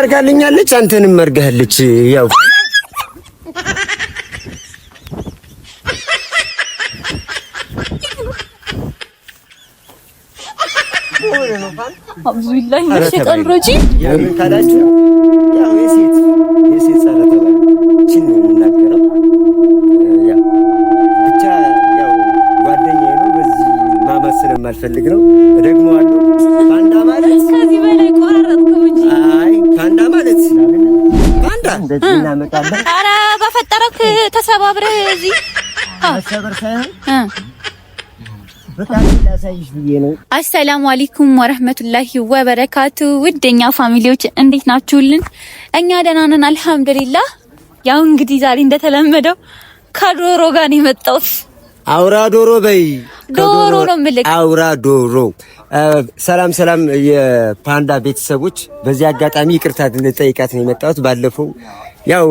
አርጋልኛለች፣ አንተንም አርጋለች። ያው አብዙላኝ መሸጠን ሮጂ ብቻ ያው ጓደኛዬ ነው። በዚህ ማማት ስለማልፈልግ ነው ደግሞ አለው እንደዚህ እናመጣለን። ኧረ በፈጠረክ ተሰባብረህ እዚህ መሰበር ሳይሆን አሰላሙ አለይኩም ወረህመቱላሂ ወበረካቱ። ውደኛ ፋሚሊዎች እንዴት ናችሁልን? እኛ ደህና ነን አልሐምዱሊላህ። ያው እንግዲህ ዛሬ እንደተለመደው ከዶሮ ጋር ነው የመጣሁት። አውራ ዶሮ በይ ዶሮ ነው የምልክ አውራ ዶሮ ሰላም ሰላም፣ የፓንዳ ቤተሰቦች፣ በዚህ አጋጣሚ ይቅርታ ልጠይቃት ነው የመጣሁት። ባለፈው ያው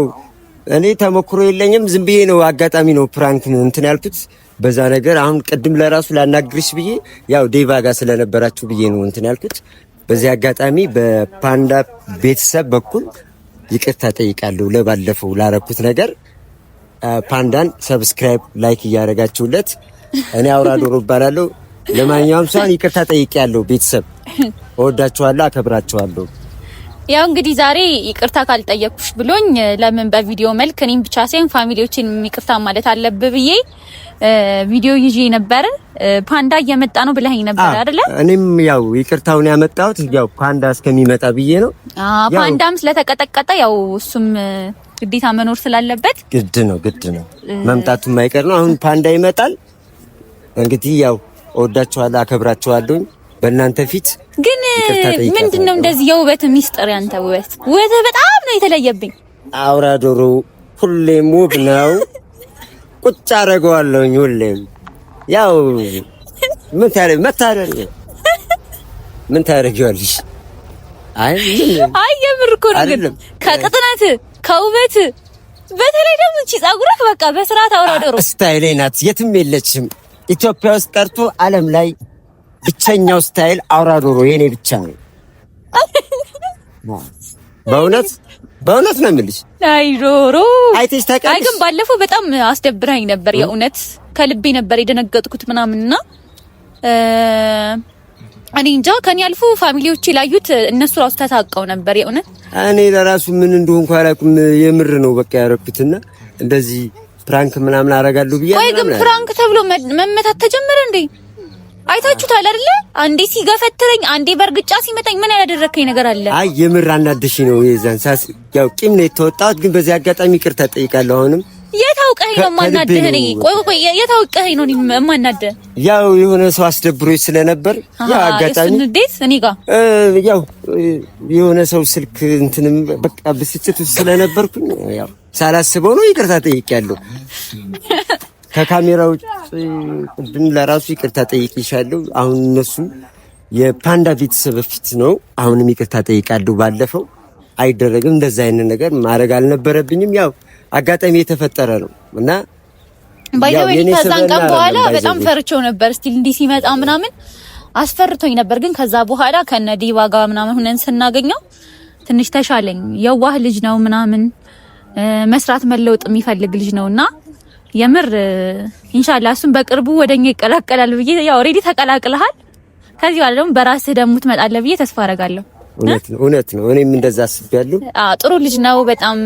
እኔ ተሞክሮ የለኝም ዝም ብዬ ነው አጋጣሚ ነው ፕራንክ እንትን ያልኩት በዛ ነገር። አሁን ቅድም ለራሱ ላናግርሽ ብዬ ያው ዴቫ ጋር ስለነበራችሁ ብዬ ነው እንትን ያልኩት። በዚህ አጋጣሚ በፓንዳ ቤተሰብ በኩል ይቅርታ ጠይቃለሁ ለባለፈው ላረኩት ነገር። ፓንዳን ሰብስክራይብ፣ ላይክ እያደረጋችሁለት እኔ አውራ ዶሮ እባላለሁ። ለማንኛውም ሳን ይቅርታ ጠይቄያለሁ። ቤተሰብ እወዳችኋለሁ፣ አከብራችኋለሁ። ያው እንግዲህ ዛሬ ይቅርታ ካልጠየቅኩሽ ብሎኝ ለምን በቪዲዮ መልክ እኔም ብቻ ሳይሆን ፋሚሊዎችን ይቅርታ ማለት አለብ ብዬ ቪዲዮ ይዤ ነበር። ፓንዳ እየመጣ ነው ብለኸኝ ነበር አይደለ? እኔም ያው ይቅርታውን ያመጣሁት ያው ፓንዳ እስከሚመጣ ብዬ ነው። አዎ ፓንዳም ስለተቀጠቀጠ ያው እሱም ግዴታ መኖር ስላለበት ግድ ነው፣ ግድ ነው መምጣቱ የማይቀር ነው። አሁን ፓንዳ ይመጣል እንግዲህ ያው እወዳችኋለሁ፣ አከብራችኋለሁ። በእናንተ ፊት ግን ምንድን ነው እንደዚህ የውበት ሚስጥር? ያንተ ውበት ውበት በጣም ነው የተለየብኝ። አውራ ዶሮ ሁሌም ውብ ነው። ቁጭ አደርገዋለሁኝ ሁሌም ያው ምን ታረ መታረል ምን ታረጊዋለሽ? አይ አይ የምር እኮ ነው። ግን ከቅጥነት ከውበት በተለይ ደግሞ እቺ ፀጉርህ በቃ በስርዓት አውራ ዶሮ ስታይሌ ናት፣ የትም የለችም። ኢትዮጵያ ውስጥ ቀርቶ ዓለም ላይ ብቸኛው ስታይል አውራ ዶሮ የኔ ብቻ ነው። በእውነት በእውነት ነው የምልሽ። አይ ዶሮ አይተሽ ታውቂያለሽ? አይ ግን ባለፈው በጣም አስደብራኝ ነበር። የእውነት ከልቤ ነበር የደነገጥኩት ምናምንና እኔ እንጃ ከኔ አልፎ ፋሚሊዎች ላዩት እነሱ ራሱ ተሳቀው ነበር የእውነት። እኔ ለራሱ ምን እንደሆንኩ አላውቅም። የምር ነው በቃ ያረኩትና እንደዚህ ፕራንክ ምናምን አደርጋለሁ ብዬ ወይ ግን ፕራንክ ተብሎ መመታት ተጀመረ እንዴ? አይታችሁታል አይደለ? አንዴ ሲገፈትረኝ፣ አንዴ በእርግጫ ሲመጣኝ ምን ያላደረከኝ ነገር አለ? አይ የምር አናድሽ ነው የዛን ሳስ ያው ቂም ነው የተወጣሁት። ግን በዚህ አጋጣሚ ይቅርታ ጠይቃለሁ አሁንም የታውቀኝ ነው የማናደህ? እኔ ቆይ ቆይ፣ የታውቀኝ ነው የማናደህ? ያው የሆነ ሰው አስደብሮኝ ስለነበር ያ አጋጣሚ እንዴት እኔ ጋር ያው የሆነ ሰው ስልክ እንትንም በቃ ብስጭት ስለነበርኩኝ ያው ሳላስበው ነው ይቅርታ ጠይቄያለሁ። ከካሜራ ውጭ ቅድም ለራሱ ይቅርታ ጠይቄሻለሁ። አሁን እነሱ የፓንዳ ቤተሰብ ፊት ነው አሁንም ይቅርታ ጠይቃለሁ። ባለፈው አይደረግም እንደዛ አይነት ነገር ማድረግ አልነበረብኝም ያው አጋጣሚ የተፈጠረ ነው እና ባይዘወይ ከዛን ቀን በኋላ በጣም ፈርቸው ነበር። ስቲል እንዲህ ሲመጣ ምናምን አስፈርቶኝ ነበር፣ ግን ከዛ በኋላ ከነዲ ጋር ምናምን ሁነን ስናገኘው ትንሽ ተሻለኝ። የዋህ ልጅ ነው ምናምን መስራት መለወጥ የሚፈልግ ልጅ ነውና የምር ኢንሻአላ እሱን በቅርቡ ወደኛ ይቀላቀላል ብዬ ያው ኦሬዲ ተቀላቅለሃል። ከዚህ በኋላ ደግሞ በራስህ ደግሞ ትመጣለህ ብዬ ተስፋ አረጋለሁ። እውነት ነው። እኔም እንደዛ አስቤያለሁ። አዎ ጥሩ ልጅ ነው። በጣም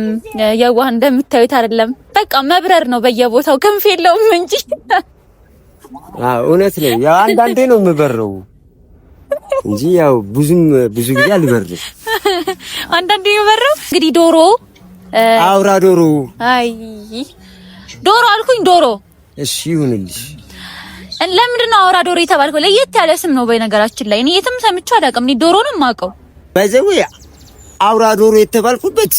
የዋህ እንደምታዩት አይደለም። በቃ መብረር ነው በየቦታው ክንፍ የለውም እንጂ። አዎ እውነት ነው። ያው አንዳንዴ ነው የምበረው እንጂ ያው ብዙም ብዙ ጊዜ አልበርም። አንዳንዴ የምበረው እንግዲህ ዶሮ፣ አውራ ዶሮ። አይ ዶሮ አልኩኝ ዶሮ። እሺ ይሁንልሽ። ለምንድን ነው አውራ ዶሮ የተባልከው? ለየት ያለ ስም ነው። በነገራችን ላይ እኔ የትም ሰምቼው አላውቅም። ዶሮንም አውቀው ባይዘው አውራ ዶሮ የተባልኩበት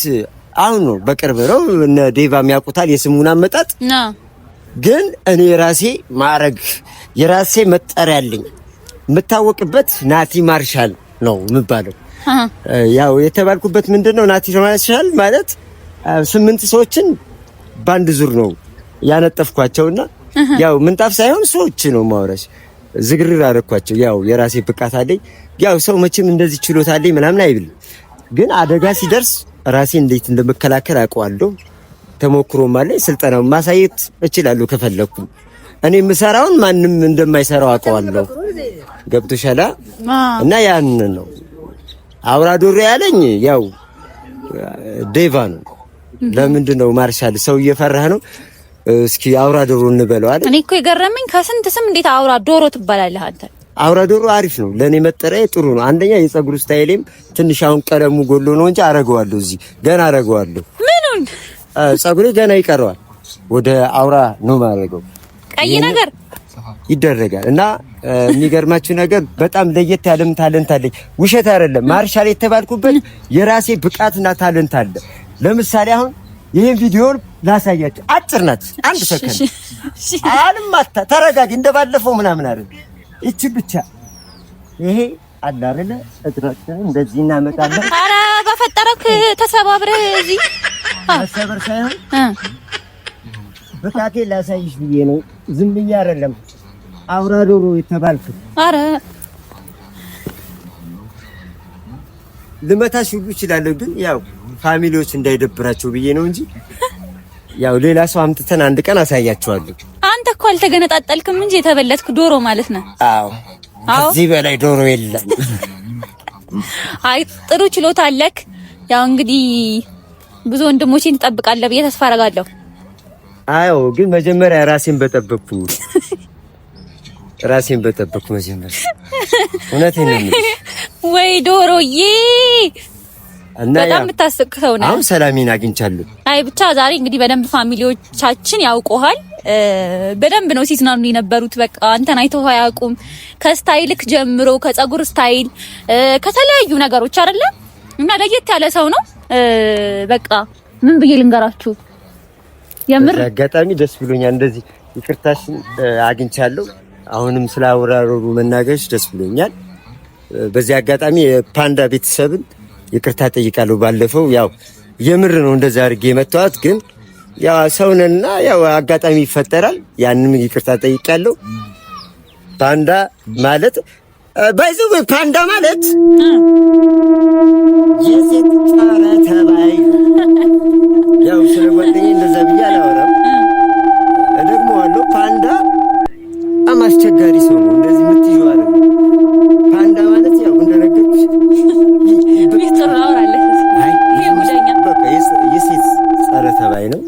አሁን ነው። በቅርብ ነው። እነ ዴቫ የሚያውቁታል የስሙን አመጣጥ። ግን እኔ የራሴ ማዕረግ የራሴ መጠሪያ አለኝ። የምታወቅበት ናቲ ማርሻል ነው የምባለው። ያው የተባልኩበት ምንድን ነው ናቲ ማርሻል ማለት ስምንት ሰዎችን በአንድ ዙር ነው ያነጠፍኳቸውና ያው ምንጣፍ ሳይሆን ሰዎች ነው ማውረስ ዝግርር አደረኳቸው። ያው የራሴ ብቃት አለኝ። ያው ሰው መቼም እንደዚህ ችሎታ አለኝ ምናምን አይብልም፣ ግን አደጋ ሲደርስ ራሴ እንዴት እንደመከላከል አውቀዋለሁ። ተሞክሮም አለኝ። ስልጠናው ማሳየት እችላለሁ ከፈለኩ። እኔ የምሰራውን ማንም እንደማይሰራው አውቀዋለሁ። ገብቶሻል? እና ያን ነው አውራ ዶሮ ያለኝ ያው ዴቫ ነው። ለምንድን ነው ማርሻል ሰው እየፈራህ ነው? እስኪ አውራ ዶሮ እንበለዋለን። እኔ እኮ የገረመኝ ከስንት ስም እንዴት አውራ ዶሮ ትባላለህ አንተ አውራ ዶሮ አሪፍ ነው፣ ለእኔ መጠሪያ ጥሩ ነው። አንደኛ የፀጉር ስታይሌም ትንሽ አሁን ቀለሙ ጎሎ ነው እንጂ አረገዋለሁ፣ እዚህ ገና አረገዋለሁ። ምኑን ፀጉሬ ገና ይቀረዋል። ወደ አውራ ነው ማረገው፣ ቀይ ነገር ይደረጋል። እና የሚገርማችሁ ነገር በጣም ለየት ያለም ታለንት አለኝ። ውሸት አይደለም። ማርሻል የተባልኩበት የራሴ ብቃትና ታለንት አለ። ለምሳሌ አሁን ይህን ቪዲዮ ላሳያችሁ። አጭር ናት፣ አንድ ሰከንድ አልማታ። ተረጋጊ፣ እንደባለፈው ምናምን አይደል እቺ ብቻ ይሄ አዳረለ አይደለ እጥረት እንደዚህ እናመጣለን። ኧረ በፈጠረክ ተሰባብረ እዚህ ተሰብር ሳይሆን ብቃቴ ላሳይሽ ብዬ ነው። ዝም ብዬ አይደለም አውራ ዶሮ የተባልክ። አረ ልመታሽ ሁሉ እችላለሁ፣ ግን ያው ፋሚሊዎች እንዳይደብራቸው ብዬ ነው እንጂ ያው ሌላ ሰው አምጥተን አንድ ቀን አሳያቸዋለሁ። እኮ አልተገነጣጠልክም እንጂ የተበለጥክ ዶሮ ማለት ነው። አዎ፣ ከዚህ በላይ ዶሮ የለም። አይ ጥሩ ችሎታ አለክ። ያው እንግዲህ ብዙ ወንድሞችን ትጠብቃለህ ብዬ ተስፋ አደርጋለሁ። አዎ፣ ግን መጀመሪያ ራሴን በጠበቅኩ ራሴን በጠበቅኩ መጀመሪያ እውነቴን ነው ወይ ዶሮዬ እና በጣም የምታስቅ ሰው አሁን ሰላሜን አግኝቻለሁ። አይ ብቻ ዛሬ እንግዲህ በደንብ ፋሚሊዎቻችን ያውቁሃል። በደንብ ነው ሲዝናኑ የነበሩት። በቃ አንተን አይተው አያውቁም። ከስታይልክ ጀምሮ ከጸጉር ስታይል፣ ከተለያዩ ነገሮች አይደለ እና ለየት ያለ ሰው ነው። በቃ ምን ብዬ ልንገራችሁ? የምር አጋጣሚ ደስ ብሎኛል። እንደዚህ ይቅርታሽን አግኝቻለሁ። አሁንም ስለ አወራረሩ መናገርሽ ደስ ብሎኛል። በዚህ አጋጣሚ የፓንዳ ቤተሰብን ይቅርታ ጠይቃለሁ። ባለፈው ያው የምር ነው እንደዛ አድርጌ መተዋት፣ ግን ያው ሰውንና ያው አጋጣሚ ይፈጠራል። ያንም ይቅርታ ጠይቃለሁ። ፓንዳ ማለት ባይዙ ፓንዳ ማለት የሴት ጣራ ተባይ። ያው ስለ ጓደኛዬ እንደዛ ብዬ አላወራም። ደግሞ አለው ፓንዳ አማስቸጋሪ ሰው ነው እንደዚህ የምትይዋለ ላይ ነው።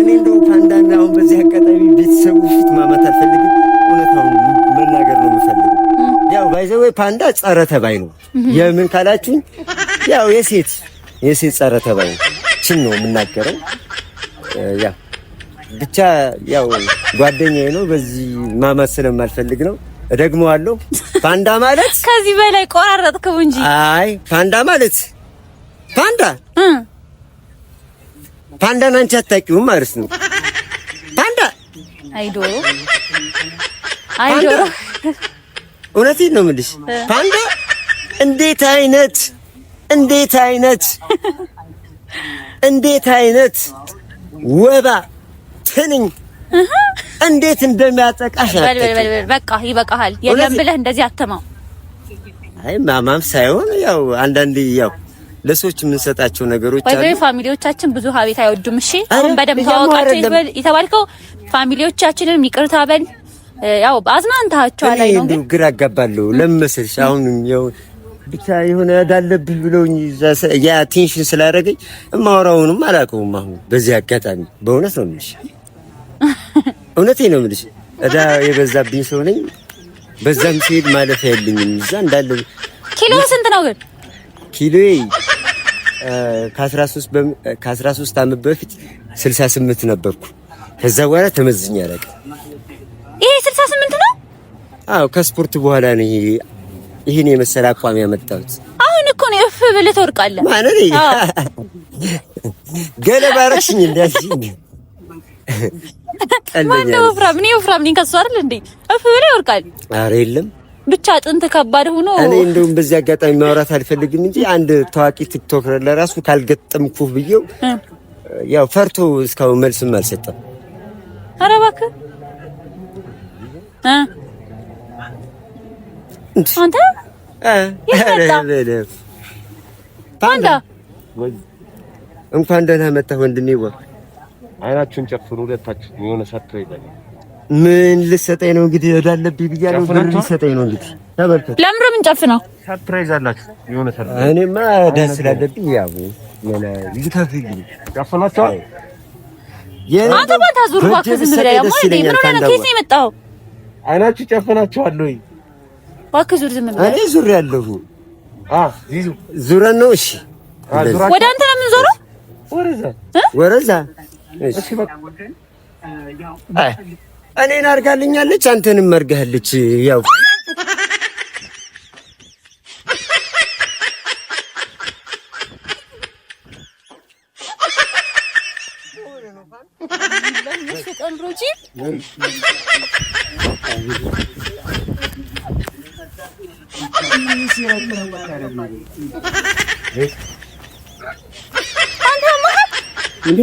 እኔ እንደው ከአንዳንድ አሁን በዚህ አጋጣሚ ቤተሰቡ ፊት ማማት አልፈልግም። እውነታውን መናገር ነው የምፈልገው። ያው ባይዘዌ ፓንዳ ጸረ ተባይ ነው። የምን ካላችሁኝ ያው የሴት የሴት ጸረ ተባይ ችን ነው የምናገረው። ያ ብቻ ያው ጓደኛዬ ነው። በዚህ ማማት ስለማልፈልግ ነው። እደግመዋለሁ። ፓንዳ ማለት ከዚህ በላይ ቆራረጥከው እንጂ አይ ፓንዳ ማለት ፓንዳን አንቺ አታውቂውም ማለት ነው። ፓንዳ አይዶ አይዶ፣ እውነቴን ነው የምልሽ። ፓንዳ እንዴት አይነት እንዴት አይነት እንዴት አይነት ወባ ትንኝ እንዴት እንደሚያጠቃሽ በቃ ይበቃሃል። የለም ብለህ እንደዚህ አተማው። አይ ማማም ሳይሆን ያው አንዳንዴ ያው ለሰዎች የምንሰጣቸው ነገሮች አሉ። ወይ ፋሚሊዎቻችን ብዙ ሀቤት አይወዱም። እሺ አሁን በደንብ ታወቃቸው ይበል የተባልከው ፋሚሊዎቻችንም ይቅርታ በል። ያው አዝናንታቸው አለ ነው ግን ግራ አጋባለሁ። ለምን መሰልሽ አሁን ያው ብቻ የሆነ እዳለብኝ ብለውኝ ያ ቴንሽን ስላደረገኝ እማወራውንም አላውቀውም። አሁን በዚህ አጋጣሚ በእውነት ነው የምልሽ፣ እውነቴ ነው የምልሽ። እዳ የበዛብኝ ሰው ነኝ። በዛም ሲሄድ ማለፍ ያለኝም እዛ እንዳለ ኪሎ ስንት ነው ግን ኪሎዬ ከ13 ዓመት በፊት 68 ነበርኩ። ከዛ በኋላ ተመዝኛ ያለቀ ይሄ 68 ነው። አዎ ከስፖርት በኋላ ነው ይሄ ይሄን የመሰለ አቋም ያመጣሁት። አሁን እኮ ነው እፍ ብለህ ትወርቃለህ ማለት ነው። ገለባ አደረግሽኝ እንዳልሽኝ ማነው ወፍራም? እኔ ወፍራም ነኝ ከእሱ አይደል እንዴ? እፍ ብለህ ይወርቃል። አረ የለም ብቻ ጥንት ከባድ ሆኖ እኔ እንደውም በዚህ አጋጣሚ ማውራት አልፈልግም እንጂ አንድ ታዋቂ ቲክቶክ ለራሱ ካልገጠምኩ ብዬው ያው ፈርቶ እስካሁን መልስም አልሰጠም። ኧረ እባክህ አንተ ፓንዳ እንኳን ደህና መጣህ ወንድሜ። አይናችሁን ጨፍሩ ሁለታችሁ የሆነ ምን ልሰጠኝ ነው እንግዲህ እዳለብኝ ብያለሁ። ብር ልሰጠኝ ነው እንግዲህ ተመልከቱ። ለምን ምን ጨፍነው ሰርፕራይዝ አላችሁ? የሆነ ሰርፕራይዝ እኔማ ደስ ስላለብኝ ያው ምን ልታፍልኝ ጨፍናችኋል። አንተ ማታ ዙር እባክህ ዝም ብለህ ያው ማለት ምን ሆነህ ነው? ከየት ነው የመጣኸው? አይናችሁ ጨፍናችኋል ወይ? እባክህ ዙር ዝም ብለህ እኔ ዙር ያለሁ አ ዙረን ነው። እሺ ወደ አንተ ነው የምንዞረው። ወረዛ ወረዛ እሺ በቃ እኔን አርጋልኛለች፣ አንተንም አርጋለች። ያው እንዴ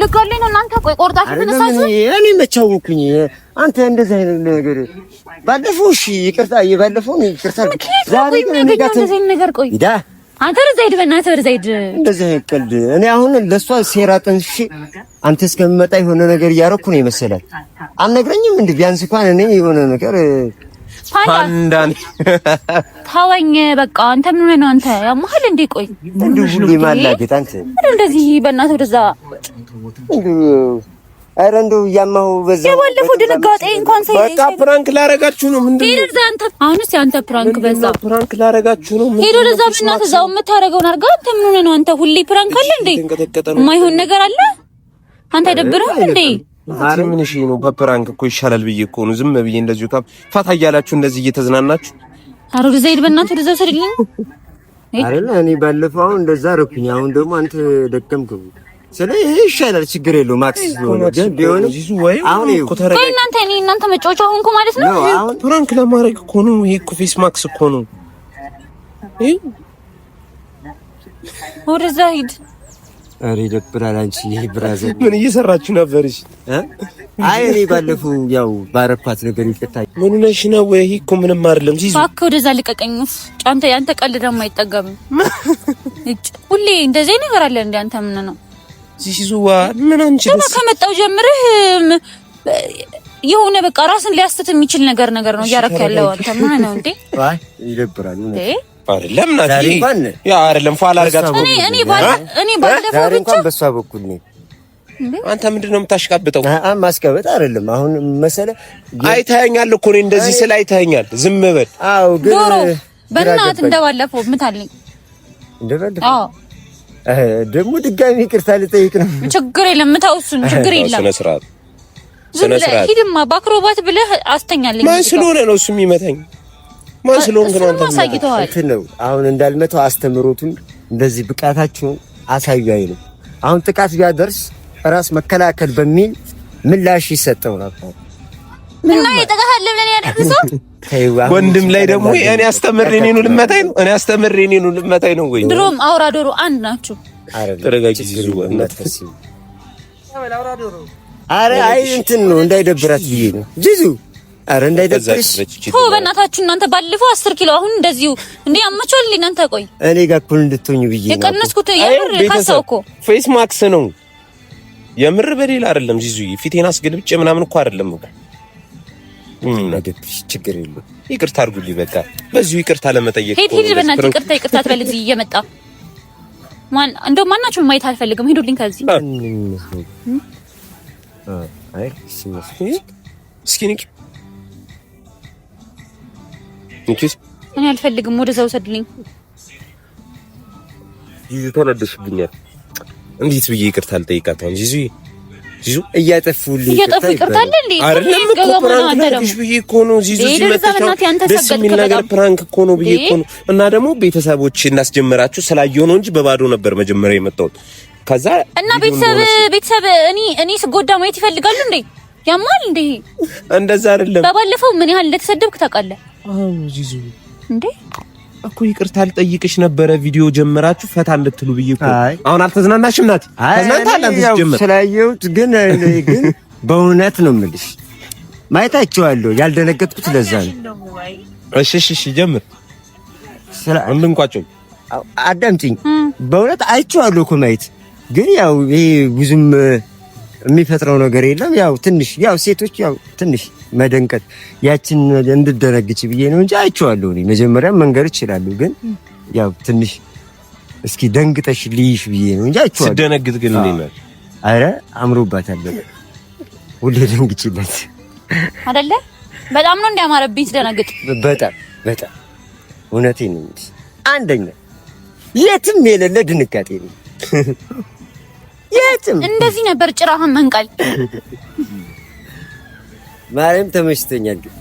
ልገለኝ ነው እናንተ? ቆይ ቆርጣችሁ ትነሳችሁ። እኔ መቻውኩኝ አንተ እንደዚህ አይነት ነገር ባለፈው። እሺ ይቅርታ፣ ባለፈው ነው ይቅርታ። ዛሬ ነገር ቆይ ዳ አንተ ወደዛ ሂድ፣ በእናትህ ወደዛ ሂድ። እንደዚህ አይነት ቀልድ እኔ አሁን ለእሷ ሴራ ጠንሼ አንተ እስከሚመጣ የሆነ ነገር እያደረኩ ነው ይመስላል። አልነግረኝም እንዴ? ቢያንስ እንኳን እኔ የሆነ ነገር ፓንዳን ታወኝ በቃ አንተ ምን አንተ እንዴ? ቆይ እንደዚህ በእናትህ ወደዛ በዛ የባለፈው ድንጋጤ እንኳን ሳይ በቃ ፕራንክ ላረጋችሁ ነው። አንተ አሁንስ ያንተ ፕራንክ በዛ ፕራንክ ላረጋችሁ ነው። እዛው የምታረገውን አንተ ምን ነው አንተ? ሁሌ ፕራንክ አለ እንዴ? የማይሆን ነገር አለ አንተ አይደብርህም እንዴ? ትንሽ ነው በፕራንክ እኮ ይሻላል ብዬ እኮ ነው ዝም ብዬ እንደዚሁ ካብ ፈታ እያላችሁ እንደዚህ እየተዝናናችሁ። አረ ጊዜ ሄድ በእናትህ ወደዛ ሰድልኝ አይደለ? እኔ ባለፈው አሁን እንደዛ አደረኩኝ። አሁን ደግሞ አንተ ደከምክ። ስለ ይሄ ይሻላል፣ ችግር የለውም። ማክስ ቢሆን ግን ቢሆን አሁን እኮ ተረጋ። እናንተ እኔ እናንተ መጫወቻ ሆንኩ ማለት ነው። አሁን ፕራንክ ለማድረግ እኮ ነው ይሄ እኮ ፌስ ማክስ እኮ ነው። ወደዛ ሂድ ኧረ ይደብራል። አንቺ ይሄ ምን እየሰራችሁ ነበር? እሺ አይ እኔ ባለፈው ያው ባረኳት ነገር ይቅርታ። ምን ነሽ ነው? ይሄ እኮ ምንም አይደለም። ሲዙ እባክህ ወደዛ ልቀቀኝ። ጫንተ ያንተ ቀልድ ደግሞ አይጠገብም። ሁሌ እንደዚህ ነገር አለ እንዴ? አንተ ምን ነው ሲዙዋ? ምን አንቺ ደስ ከመጣው ጀምረህ የሆነ በቃ ራስን ሊያስተት የሚችል ነገር ነገር ነው እያረክ ያለው አንተ። ምን ነው እንዴ? አይ ይደብራል። አይደለም ናቲ፣ ያ አይደለም ፏል አርጋት እኮ እኔ እኔ ባለፈው ብቻ በሷ በኩል ነኝ። አንተ ምንድን ነው የምታሽቃብጠው? ማስቀበጥ አይደለም አሁን መሰለ አይተኸኛል እኮ እኔ እንደዚህ ስለ አይተኸኛል። ዝም በል። አዎ፣ ግን ዶሮ በእናትህ እንደባለፈው ምታልኝ እንደባለፈው። አዎ፣ ደግሞ ድጋሚ ይቅርታ ልጠይቅ ነው። ችግር የለም ተው፣ ችግር የለም። ስነ ስርዓት ስነ ስርዓት። ሂድማ በአክሮባት ብለህ አስተኛልኝ። ማን ስለሆነ ነው እሱ የሚመታኝ? ማን ስለሆንክ ነው? አሁን እንዳልመታው አስተምሮቱን እንደዚህ ብቃታችሁን አሳዩ አይልም። አሁን ጥቃት ቢያደርስ ራስ መከላከል በሚል ምላሽ ይሰጠው ነበር እና ይጠቃሃል ብለን ያደረሰው ወንድም ላይ ደግሞ እኔ አስተምሬ እኔኑ ልመታኝ ነው። እኔ አስተምሬ እኔኑ ልመታኝ ነው ወይ ድሮም አውራ ዶሮ አንድ ናችሁ። ተረጋጊ። አረ አይ እንትን ነው እንዳይደብራት ብዬ ነው ጂዙ አረ እንዳይደብርሽ ሆ በእናታችሁ እናንተ ባለፈው አስር ኪሎ አሁን እንደዚሁ እንዴ አማቾልኝ እናንተ ቆይ እኔ ጋር እኩል እንድትሆኝ ብዬ የቀነስኩት የምር ካሳው እኮ ፌስ ማክስ ነው የምር በሌላ አይደለም ዚዙዬ ፊቴን አስገልብጬ ምናምን እኮ አይደለም እኮ ችግር የለውም ይቅርታ አድርጉልኝ በቃ በዚሁ ይቅርታ ለመጠየቅ ሄድ ሄድ በእናትህ ይቅርታ ይቅርታ ትበል እዚህ እየመጣ ማን እንደው ማናችሁ ማየት አልፈልግም ሄዱልኝ ከዚህ አይ እስኪ እንቺስ እኔ አልፈልግም። ወደ እዛ ውሰድልኝ። ይዙ ተነደሽብኛል። እንዴት ብዬ ይቅርታ አልጠይቃት? አሁን ይዙ ይዙ እያጠፉልኝ እያጠፉ ይቅርታል እንዴ? አይደለም እኮ ፕራንክ ነሽ ብዬ እኮ ነው። ይዙ ደስ የሚል ነገር ፕራንክ እኮ ነው ብዬ እኮ ነው። እና ደግሞ ቤተሰቦች እናስጀምራችሁ ስላየሁ ነው እንጂ በባዶ ነበር መጀመሪያ የመጣሁት። ከዛ እና ቤተሰብ ቤተሰብ እኔ እኔ ስጎዳ ማየት ይፈልጋሉ እንዴ? ያማል እንዴ? እንደዛ አይደለም። በባለፈው ምን ያህል እንደተሰደብክ ታውቃለህ። ዚዙ እንዴ እኮ ይቅርታ ልጠይቅሽ ነበረ። ቪዲዮ ጀምራችሁ ፈታ እንድትሉ ብዬ እኮ። አሁን አልተዝናናሽም? ናት ተዝናንታለን። ስላየሁት ግን ግን በእውነት ነው የምልሽ ማየታችኋለሁ። ያልደነገጥኩት ለዛ ነው። እሺ እሺ እሺ፣ ጀምር። ስለ እንድንቋጨው አዳምጪኝ። በእውነት አይቼዋለሁ እኮ ማየት ግን ያው ይሄ ብዙም የሚፈጥረው ነገር የለም። ያው ትንሽ ያው ሴቶች ያው ትንሽ መደንቀጥ ያችን እንድደነግጭ ብዬ ነው እንጂ አይቼዋለሁ። እኔ መጀመሪያ መንገር ይችላሉ፣ ግን ያው ትንሽ እስኪ ደንግጠሽ ልይሽ ብዬ ነው እንጂ አይቼዋለሁ። ስደነግጥ ግን እንዴ እንዴት አረ አምሮባታል። ሁሌ ደንግጭለት አይደለ? በጣም ነው እንዲያማረብኝ ስደነግጥ፣ በጣም በጣም እውነቴን ነው። አንደኛ የትም የሌለ ድንጋጤ ነው። የትም እንደዚህ ነበር ጭራህን መንቀል። ማርያም ተመችቶኛል። ግን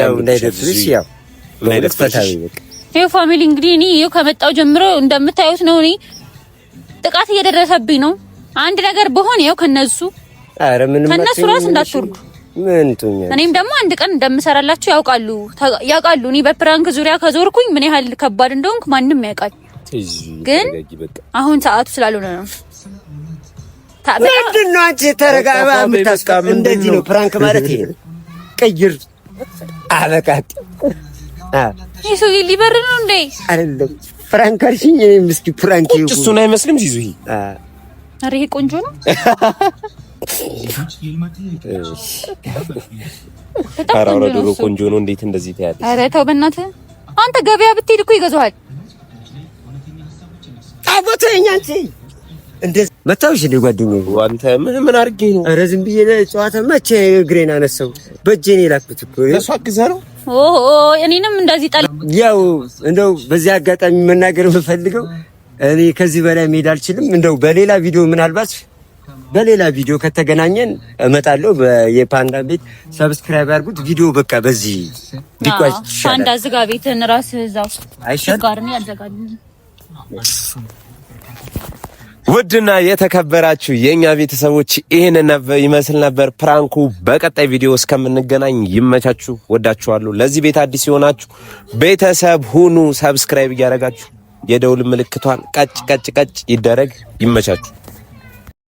ያው እንዳይደፍርሽ ያው እንዳይደፍርሽ ይኸው ፋሚሊ እንግዲህ እኔ ይኸው ከመጣው ጀምሮ እንደምታዩት ነው። እኔ ጥቃት እየደረሰብኝ ነው። አንድ ነገር በሆነ ያው ከነሱ አረ ምንም ከነሱ ራስ እንዳትወርዱ ምን ትሆኛለሽ። እኔም ደግሞ አንድ ቀን እንደምሰራላችሁ ያውቃሉ ያውቃሉ። እኔ በፕራንክ ዙሪያ ከዞርኩኝ ምን ያህል ከባድ እንደሆንኩ ማንም ያውቃል። ግን አሁን ሰዓቱ ስላልሆነ ነው ምንድን ነው አንቺ ተረጋጋ የምታስቀም እንደዚህ ነው ፕራንክ ማለት ይሄ ቀይር አበቃት ይሱ ሊበር ነው እንዴ አይደለም ፕራንክ አልሽኝ ምስኪ ፕራንክ ይሁ እሱን አይመስልም ይዙ ይሄ ኧረ ይሄ ቆንጆ ነው ኧረ ኧረ ዶሮ ቆንጆ ነው እንዴት እንደዚህ ታያለሽ ኧረ ተው በእናትህ አንተ ገበያ ብትሄድ እኮ ይገዛዋል አቦቶ የኛ አንቺ መታወሽ እንደ ጓደኛዬ አንተ ምን ምን አድርጌ ነው? ኧረ ዝም ብዬ ጨዋታ መቼ እግሬን አነሳው? በእጄ ነው የላኩት እኮ እሱ ነው። እኔንም እንደዚህ ጠላ። ያው እንደው በዚህ አጋጣሚ መናገር የምፈልገው እኔ ከዚህ በላይ መሄድ አልችልም። እንደው በሌላ ቪዲዮ ምናልባት በሌላ ቪዲዮ ከተገናኘን እመጣለሁ። የፓንዳ ቤት ሰብስክራይብ አድርጉት። ቪዲዮ በቃ በዚህ ቢቋጭ ፓንዳ ዝጋ ቤትን ውድና የተከበራችሁ የእኛ ቤተሰቦች ይህን ይመስል ነበር ፕራንኩ። በቀጣይ ቪዲዮ እስከምንገናኝ ይመቻችሁ። ወዳችኋለሁ። ለዚህ ቤት አዲስ የሆናችሁ ቤተሰብ ሁኑ። ሰብስክራይብ እያደረጋችሁ የደውል ምልክቷን ቀጭ ቀጭ ቀጭ ይደረግ። ይመቻችሁ።